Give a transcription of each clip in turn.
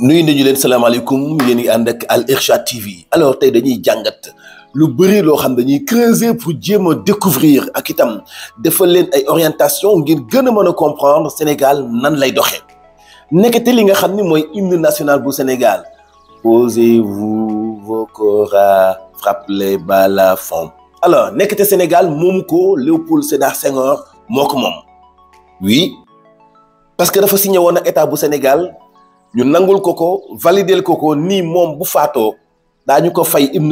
nuyu nañu leen alaykum yéen ngi ànd ak Al Irshad TV alors tey dañuy jàngat lu bëri loo xam dañuy creuser pour jéem a découvrir ak itam defal leen ay orientation ngir gën a mën comprendre Sénégal nan lay doxee nekkate li nga xam ni mooy hymne national bu Sénégal posez-vous vos corps frappe les fond alors nekkate Sénégal moomu ko Léopold Sédar Senghor moo ko oui parce que dafa signé woon ak état bu Sénégal nous nangul le valider koko ni mom bu 70 ko fay lu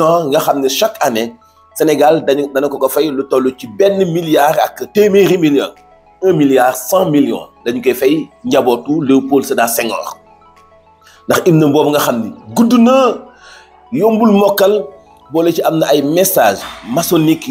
ans nga chaque année Sénégal dañu dañu ko fay lu tollu ci ben milliard ak nous million un milliard 100 millions dañu koy fay Léopold Senghor ndax nga yombul ci ay message maçonnique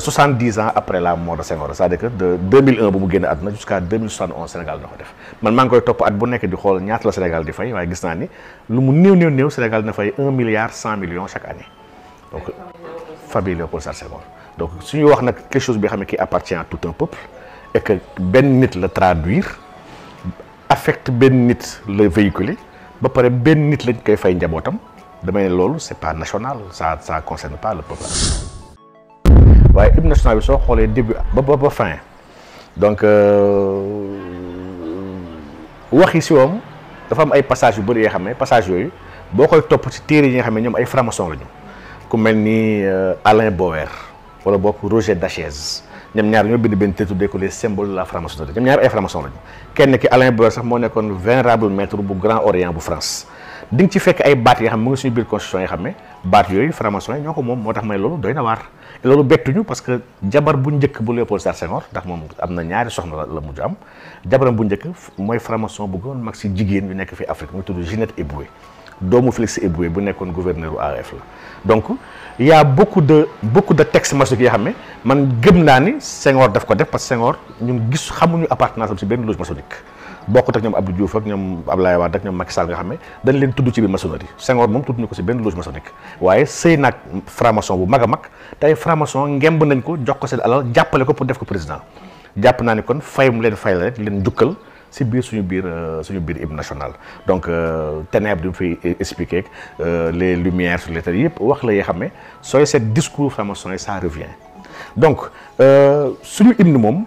70 euh, ans après la mort de Senghor c'est-à-dire de 2001 bu mu jusqu'à 2071 Sénégal na ko def man top à koy topp at bu di Sénégal di fay waaye gis naa ni Sénégal dina fay 1 milliard 100 millions chaque année donc Fabien pour Sédar Senghor donc su wax quelque chose qui appartient à tout un peuple et que ben nit le traduire affecte ben nit le véhiculer ba paré ben nit lañ koy fay njabootam damay né lolu c'est pas national ça ça concerne pas le peuple waaye hymne national bi soo xoolee début ba ba fin donc euh, wax yi si moom dafa am ay passages yu bëri yoo xam ne passage yooyu boo koy topp ci téere yi nga xam ne ñoom ay franc-maçon lañu ku mel ni euh, Alain Bower wala bokk Roger Dachez ñoom ñaar ñoo bind benn téere tuddee ko les symboles de la franc-maçonnerie ñoom ñaar ay franc-maçon lañu kenn ki Alain Bower sax moo nekkoon vénérable maître bu Grand Orient bu France di nga ci fekk ay baat yoo xam ne mu ngi suñu biir constitution nga xam ne baat yooyu franc-maçon yi ñoo ko moom moo tax may loolu doy na waar loolu bettuñu parce que jabar bu njëkk bu Léopold Sédar Senghor ndax moom am na ñaari soxna la mujj am jabaram bu njëkk mooy franc-maçon bu gënoon mag si jigéen yu nekk fi Afrique mu tudd Ginette Eboué doomu Félix Eboué bu nekkoon gouverneur AF la donc yaa y a beaucoup de beaucoup de textes maçonniques xam ne man gëm naa ni Senghor daf ko def parce que Senghor ñun gis xamuñu appartenance am si benn loge maçonnique bokkut ak ñoom Abdou Diouf ak ñoom Abdoulaye Wade nga xam ne dañ leen tudd ci biir maçonnerie Senghor moom tudd ñu ko ci benn loge maçonnique waaye sëy naag franc-maçon bu mag a mag tey franc-maçon ngemb nañ ko jox ko seen alal jàppale ko pour def ko président jàpp naa ni kon fayum leen fay la rek leen jukkal si biir suñu biir euh, suñu biir hymne national donc euh, ténèbres di mu fiy expliqué euh, les lumières sur les terres yëpp wax la yoo xam ne sooy seet discours franc-maçon yi ça revient donc suñu hymne moom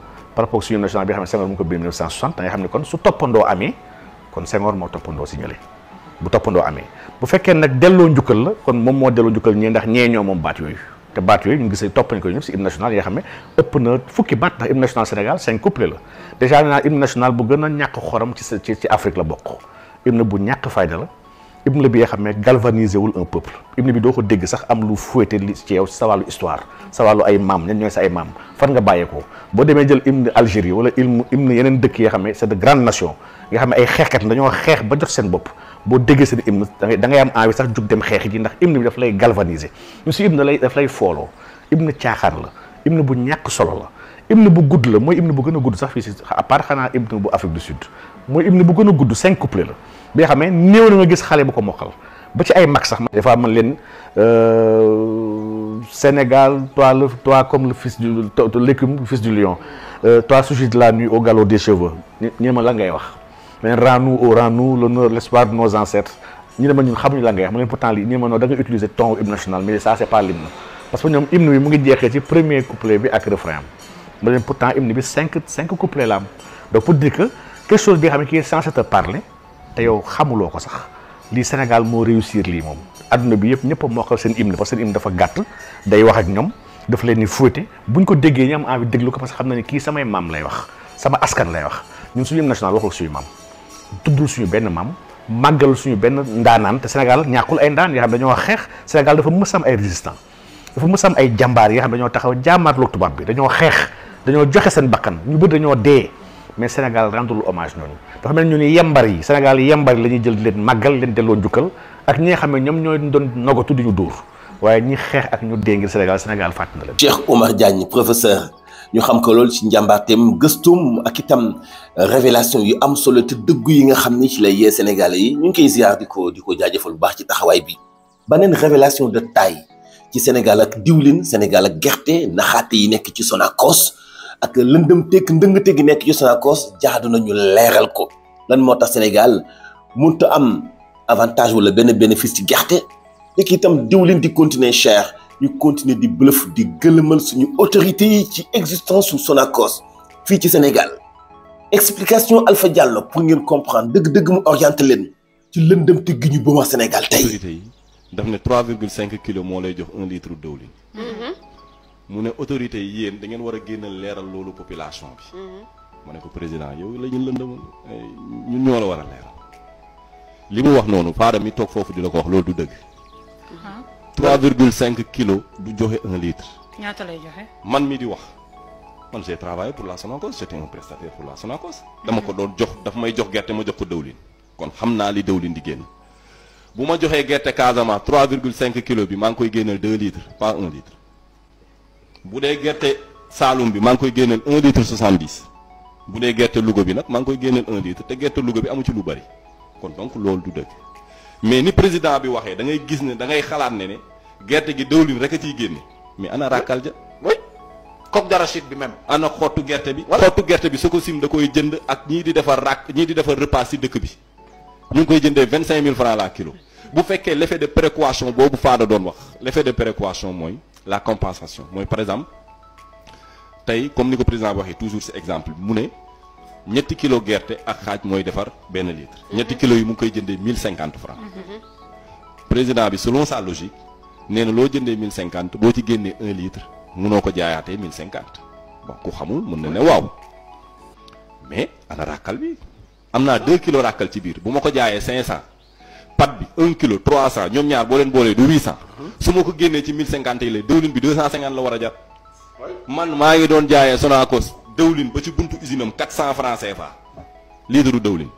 par rapport ak suñu national bi nga xam ne Senghor mu ngi ko bind 1960 da nga xam ne kon su toppandoo amee kon Senghor moo toppandoo si bu toppandoo amee bu fekkee nag delloo njukkal la kon moom moo delloo njukkal ñee ndax ñee ñoo moom baat yooyu te baat yooyu ñu ngi gis topp nañ ko si hymne national yi xam ne ëpp na fukki baat ndax hymne national Sénégal cinq couplets la dèjà nee naa hymne national bu gën a ñàkk xorom ci ci Afrique la bokk hymne bu ñàkk fayda la ibn bi nga xam galvanisé wul un peuple hymne bi doo ko dégg sax am lu fouetté li ci yow sa wàllu histoire sa wàllu ay maam ñan ñooy sa ay maam fan nga bàyyeekoo boo demee jël hymne Algérie wala hymne hymne yeneen dëkk yi nga xam ne c'est de grande nation nga xam ne ay xeexkat dañoo xeex ba jox seen bopp boo déggee seen hymne dangay da ngay am envie sax jug dem xeex ji ndax hymne bi daf lay galvaniser ñu si hymne lay daf lay fooloo hymne caaxaan la hymne bu ñàkk solo la hymne bu gudd la mooy hymne bu gën a gudd sax fii si à part xanaa hymne bu Afrique du Sud moy hymne bu gëna gudd 5 couplet la bi xamé néw na nga gis xalé bu ko mokkal ba ci ay max sax. des fois man euh Sénégal toi le toi comme le fils du l'écume le fils du lion euh, toi sujet de la nuit au galop des cheveux ñu ma la ngay wax. mais rends-nous au oh, rends-nous l'honneur l'espoir de nos ancêtres ñu ne ma ñun xamuñu la ngay wax ma leen pourtant li ñu ne ma non da nga utiliser ton hymne national mais ça c'est pas l'hymne parce que ñom hymne bi mu ngi jeexee ci premier couplet bi ak refrain am ma pourtant hymne bi 5 5 couplet la donc pour dire que. quelque bi xamni ki qui est censé te parler te yow xamuloo ko sax li Sénégal mo réussir li mom aduna bi yépp ñëpp a seen hymne parce que hymne dafa gatt day wax ak ñom daf leen ni fouté buñ ko déggé ñam am déglu ko parce que xamna ni ki samay mam lay wax sama askan lay wax ñun suñu national waxul suñu mam tuddul suñu benn mam magal suñu benn ndanan te Sénégal ñakul ay ndan yi xam wax xex Sénégal dafa mësa am ay résistant dafa mësa am ay jambar yi xam dañu taxaw lu tubab bi dañu xex dañu joxe seen bakkan ñu bëd dañu dee mais Sénégal rendul hommage noonu dafa mel ñu ni yembar yi Sénégal yembar yi la ñuy jël di leen màggal leen delloo njukkal ak ñi xam ne ñoom ñooy doon nogatu di ñu dóor waaye ñi xeex ak ñu dee ngir Sénégal Sénégal fàtt na leen. Cheikh Oumar Diagne professeur ñu xam ko lool ci njàmbaarteem gëstum ak itam révélation yu am solo te dëggu yi nga xam ni ci lay yee Sénégalais yi ñu ngi koy ziar di ko di ko jaajëfal bu baax ci taxawaay bi. beneen révélation de taille ci Sénégal ak diwlin Sénégal ak gerte naxaate yi nekk ci Sonacos ak lëndëm tek ndëng te gi nekk ci Sonacos jaadu nañu leeral ko lan motax tax Sénégal mënut am avantage wala benn bénéfice ci gerte te itam diwlin di continuer cher ñu continuer di bluff di gëlëmal suñu autorité ci existence su Sonacos fi ci Sénégal explication Alpha Diallo pour ngeen comprendre deug deug mu orienter len ci lëndëm te gi ñu ba Sénégal tey. autorité daf ne 3,5 kg mo lay jox 1 litre diwlin. Mm-hmm. mu ne autorité yi yéen da ngeen war a génnal leeral loolu population bi. Mm-hmm. ma ne ko président yow la ñu lëndëmal eh, ñun ñoo la war a leeral. li mu wax noonu faada mi toog foofu di la ko wax loolu du dëgg. 3,5 mm-hmm. kilos du joxe un litre. ñaata lay joxe. man mi di wax man j'ai travaillé pour la Sonacos j'étais un prestataire pour la Sonacos. dama ko mm-hmm. doon jox daf may jox gerte ma jox ko dëwlin kon xam naa li dëwlin di génn bu ma joxee gerte Casamance 3,5 kilos bi maa ngi koy génneel 2 litres pas 1 bu dee gerte Saalum bi maa ngi koy génneel un litre soixante dix bu dee gerte Louga bi nag maa ngi koy génneel un litre te gerte Louga bi amu ci lu bari kon donc loolu du dëgg mais ni président bi waxee da ngay gis ne da ngay xalaat ne ne gerte gi dëwlin rek a ciy génne mais ana rakkal ja coque d'arachide bi même. ana xottu gerte bi. xottu gerte bi Soko sim da koy jënd ak ñii di defar rak ñii di defar repas si dëkk bi ñu ngi koy jëndee vingt cinq mille francs la kilo bu fekkee l'effet de précaution boobu Fada doon wax l'effet de précaution mooy la compensation. Moi, par exemple, comme le président a toujours cet exemple, Mouné, y a 1 kg de guerre et il y a 1 litre. Mm -hmm. Il y a 1 de 1050 francs. Mhm. Président, -hmm. président, selon sa logique, si vous avez 1050, si vous avez 1 litre, vous pouvez le 1050. Bon, si vous ne savez pas, wow. Mais, à la a un racal. Il y a 2 kg de racal. Si vous avez 500, pat bi 1 kilo 300 ñoom ñaar boo leen boolee du 800. Mhm. su ma ko génnee ci 1050 yi lay dëwlin bi 250 la war a jar. man maa ngi doon jaayee Sonacos dëwlin ba ci buntu usine am 400 francs CFA litre dëwlin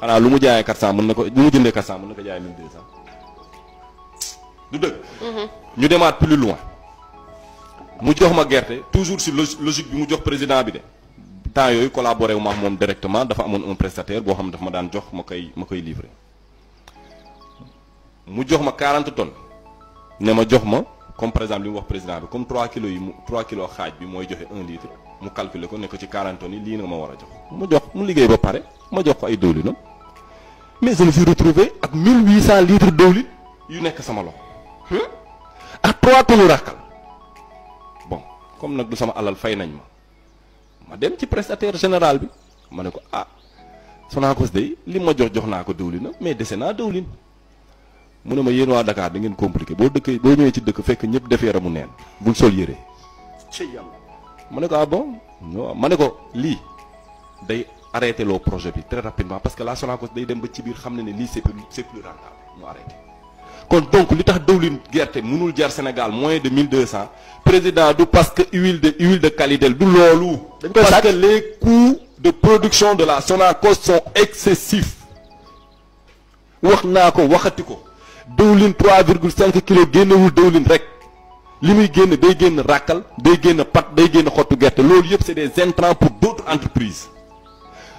xanaa lu mu jaayee 400 mën na ko lu mu jëndee 400 mën na ko jaayee 1200. du dëgg. Mhm. ñu demaat plus loin. mu jox ma gerte toujours si logique bi mu jox président bi de. temps yooyu collaboré wu ma directement dafa amone un prestataire bo xam dafa ma dan jox makay makay livrer mu jox ma 40 tonnes nema jox ma comme par exemple li wax président bi comme 3 kilos 3 kilos xaj bi moy joxe 1 litre mu calculer ko ne ko ci 40 tonnes li lii nga ma wara jox mu jox mu liggéey ba pare ma jox ko ay diwlinam mais je me suis retrouvé ak 1800 litres diwlin yu nek sama loxo hmm? ak 3 tonnes ràkkal bon comme nak du sama alal fay nañ ma. ma dem ci prestataire général bi ma ne ko ah Sonacos day li ma jox jox naa ko diwlin mais dese naa diwlin mu ne ma yéen waa Dakar da ngeen compliqué boo dëkkee boo ñëwee ci dëkk fekk ñëpp def yaramu neen bul sol yére. ci yàlla ma ne ko ah bon ma ne ko lii day arrêté loo projet bi très rapidement parce que la Sonacos day dem ba ci biir xam ne ne lii c'est plus c'est plus rentable mu kon donc li tax dëwlin gerte mënul jar Sénégal moins de 1200 président parce que huile de huile de qualité du parce que les coûts de production de la Sonacos sont excessifs. wax naa ko waxati ko dëwlin 3,5 kg génnewul dëwlin rek li muy génn day génn ràkkal day génn pat day génn xottu gerte loolu c'est des intrants pour d'autres entreprises.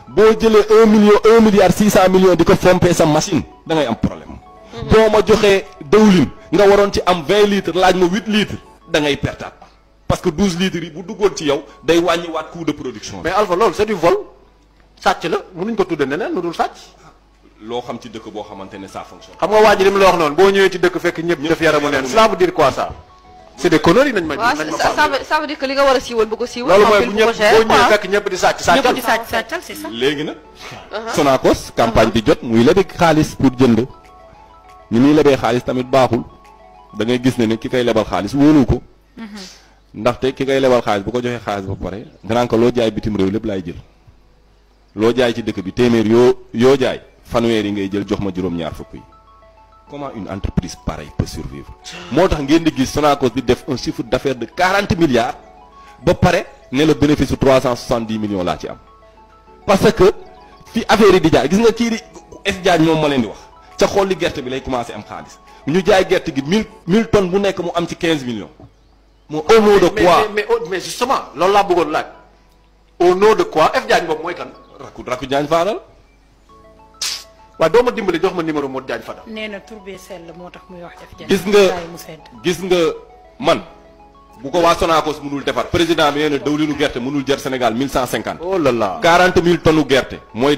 boo jëlee 1 million 1 milliard 600 millions de ko fomper sa machine da ngay am problème. boo ma joxee dëwlin nga waroon ci am vingt litres laaj ma huit litres da ngay pertaat parce que douze litres yi bu duggoon ci yow day wàññiwaat coût de production mais Alpha lool c'est du vol sàcc la mënuñ ko tudde neneen lu dul sàcc loo xam ci dëkk boo xamante ne ça fonctionne xam nga waa li mu la wax noonu boo ñëwee ci dëkk fekk ñëpp def yaramu neen cela veut dire quoi ça c'est des ko loolu mooy ñëpp boo ñëwee fekk ñëpp di sàcc sàccal ñëpp di sàcc sàccal c'est ça bi jot muy lebi xaalis pour jënd ni muy lebee xaalis tamit baaxul da ngay gis ne ne ki koy lebal xaalis wóolu ko. Mm-hmm. ndaxte ki koy lebal xaalis bu ko joxee xaalis ba pare danaan ko loo jaay bitim réew lépp laay jël. loo jaay ci dëkk bi téeméer yoo yoo jaay fanweer yi ngay jël jox ma juróom-ñaar fukk yi comment une entreprise pareille moo tax ngeen di gis Sonacos di def un chiffre d'affaires de quarante milliards ba pare ne la bénéfice su trois cent soixante dix millions laa ci am. parce que fi affaire yi di jaay gis nga kii di S Diagne moom ma leen di wax. xol li gerte bi lay commencé am ñu jaay tonnes bu mu am millions. au nom de quoi mais oh, justement lool l'a au nom de quoi F Diagne moy dimbali jox numéro Fadal. muy wax gis nga gis nga man. bu ko mënul président bi yéne dawlinu mënul Sénégal 1150. oh là là tonnes gerte. moy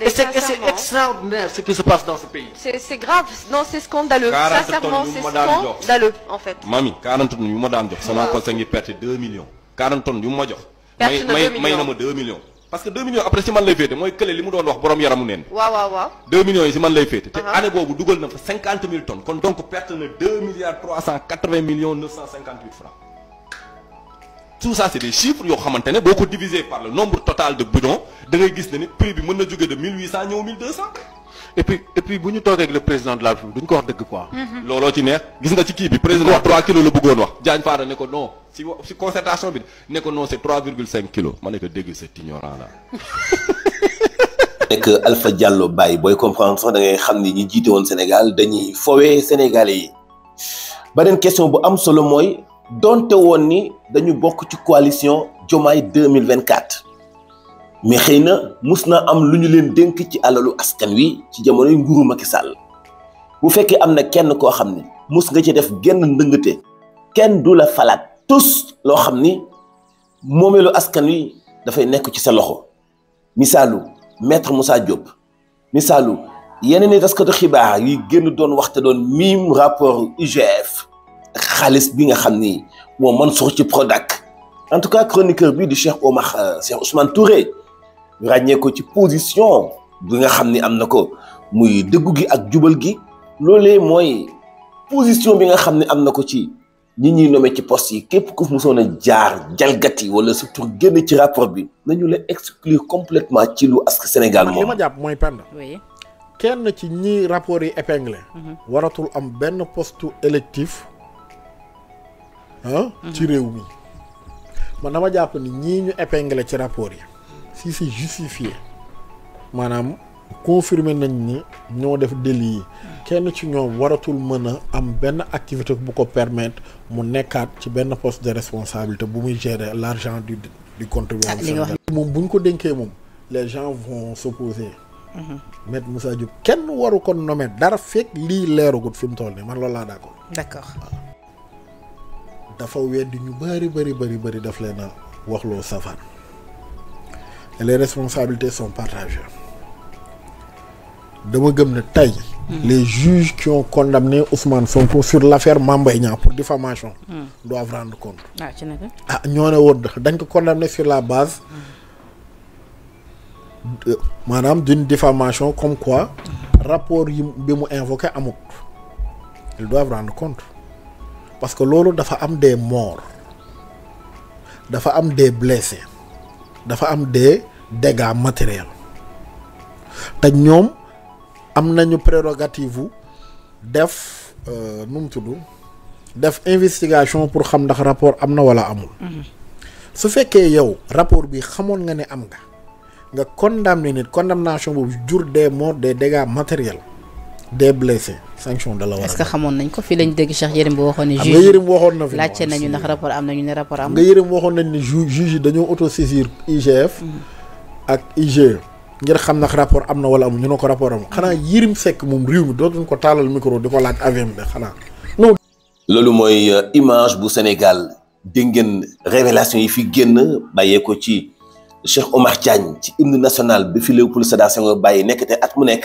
Et c'est extraordinaire ce qui se passe dans ce pays. C'est grave, non c'est scandaleux. Sincèrement, c'est scandaleux en fait. Mami, 40 tonnes de ma ça jox sama conseil 2 millions. 40 tonnes vous ma jox. 2 millions. parce que 2 millions après si mal l'ai féete Moi, kële li mu doon wax borom 2 millions si man l'ai féete. Uh-huh. année 50 000 tonnes donc perdre na 2 milliards 380 millions 958 francs tout ça c'est des chiffres qui xamante beaucoup divisé par le nombre total de bidons da ngay que le ni prix bi mën de 1800 à 1200. et puis et puis bu ñu ak le président de la République duñ ko wax dëgg quoi. Mm-hmm. looloo ci neex gis nga ci kii bi président 3 kilos le bëggoon wax. Diagne Fada ne ko non si si concertation bi ne ko non C'est 3,5 kilos Je ne ko c'est cet ignorant là. que Alpha Diallo Baye vous comprendre sax da ngay xam ni ñi jiite woon Sénégal dañuy fowee Sénégalais yi. question question bu am solo C'est donte woon ni dañu bok ci coalition jomay 2024 mais xeyna nous am luñu leen denk ci alalu askan wi ci que nguru Macky bu fekke que kenn ko xamni mus nga ci def genn kenn du la falat tous lo xamni askan wi fay nekk ci sa loxo misalu maître Moussa Diop misalu yeneen taskatu xibaar yi genn doon waxte doon mim rapport IGF bi nga mon Mansour ci Prodac en tout cas chroniqueur bi du Cheikh Omar euh, Cheikh Ousmane Touré Ragné ko ci position bi nga xam amna ko muy dëggu gi ak djubal gi lolé moy position bi nga xam amna ko ci ñi ñuy nommé ci poste yi képp ku musoon a jaar jalgati wala surtout génn ci rapport bi nañu la exclure complètement ci lu ask Sénégal moom ma jàpp mooy pend kenn ci ñi rapport yi épinglé mhm. waratul am ben poste électif hein ci réew mi man dama japp ni ñi ñu épingler ci rapport yi si c'est justifié manam confirmer nañ ni ñoo def délit yi kenn ci ñoom waratul mën a am benn activité bu ko permettre mu nekkaat ci benn poste de responsabilité bu muy gérer l' argent du du contribuable ah, moom bu ñu ko dénkee moom les gens vont s'opposer mettre mhm. Moussa Diop kenn waru ko nommer dara fekk lii leeragut fi mu toll nii man loolu laa d'accord d'accord dafa wedd ñu bari bari bari bari daf leen a waxloo safaan les responsabilités sont partagées dama gëm ne tey. Hmm. les juges qui ont condamné Ousmane Sonko sur l'affaire affaire pour diffamation hmm. doivent rendre compte. ah, ah ñoo ne dañ ko condamné sur la base. Hmm. maanaam d'une diffamation comme quoi rapport yi bi mu invoqué amut ils doivent rendre compte parce que lolu dafa am des morts dafa des blessés dafa des dégâts matériels Nous ñom am prérogative def une euh, mu def investigation pour xam ndax rapport amna wala amul. Mhm. su féké yow rapport bi xamoon nga né am nga nga condamné nit condamnation pour jur des morts des dégâts matériels des blessés sanction de la war est-ce que xamoon nañ ko fi lañ dégg Cheikh Yérim bo waxone juge nga Yérim waxone na fi laajte nañu ndax rapport am nañu ne rapport am. nga Yérim waxone nañ ne juge yi auto saisir IGF. Mm-hmm. ak IGE. ngir xam nak rapport amna wala am ñu ko rapport am xana mm-hmm. Yérim Seck mom réew mi dootuñ ko talal micro diko ko laaj avion xana non lolu moy euh, image bu Sénégal dégg ngeen révélation yi fi génn bayé ko ci Cheikh Omar tiagne ci hymne national bi fi Léopold sada Senghor bayé nekk te at mu nek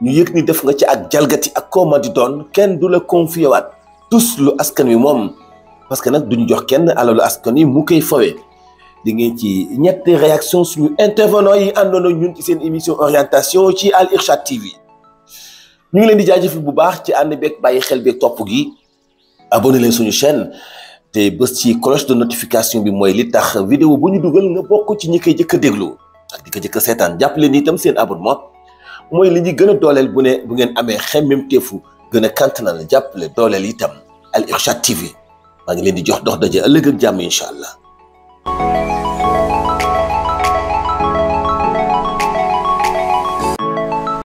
ñu yëg ni def nga ci ak jalgati ak koo ma di doon kenn du la confié waat tous lu askan wi moom parce que nag duñ jox kenn alalu askan wi mu koy fawee di ngeen ci ñetti réaction suñu intervenant yi àndoona ñun ci seen émission orientation ci Al Irshad TV ñu ngi leen di jaajëfal bu baax ci ànd beeg bàyyi xel beeg topp gi abonné leen suñu chaine te bés ci cloche de notification bi mooy li tax vidéo bu ñu dugal nga bokk ci ñi koy jëkk a déglu ak di ko jëkk seetaan jàpp itam seen abonnement mooy li ñu gën a dooleel bu ne bu ngeen amee xemmem teefu gën a kantanal jàppale dooleel itam Al Irshad TV maa ngi leen di jox dox daje ëllëg ak jàmm incha allah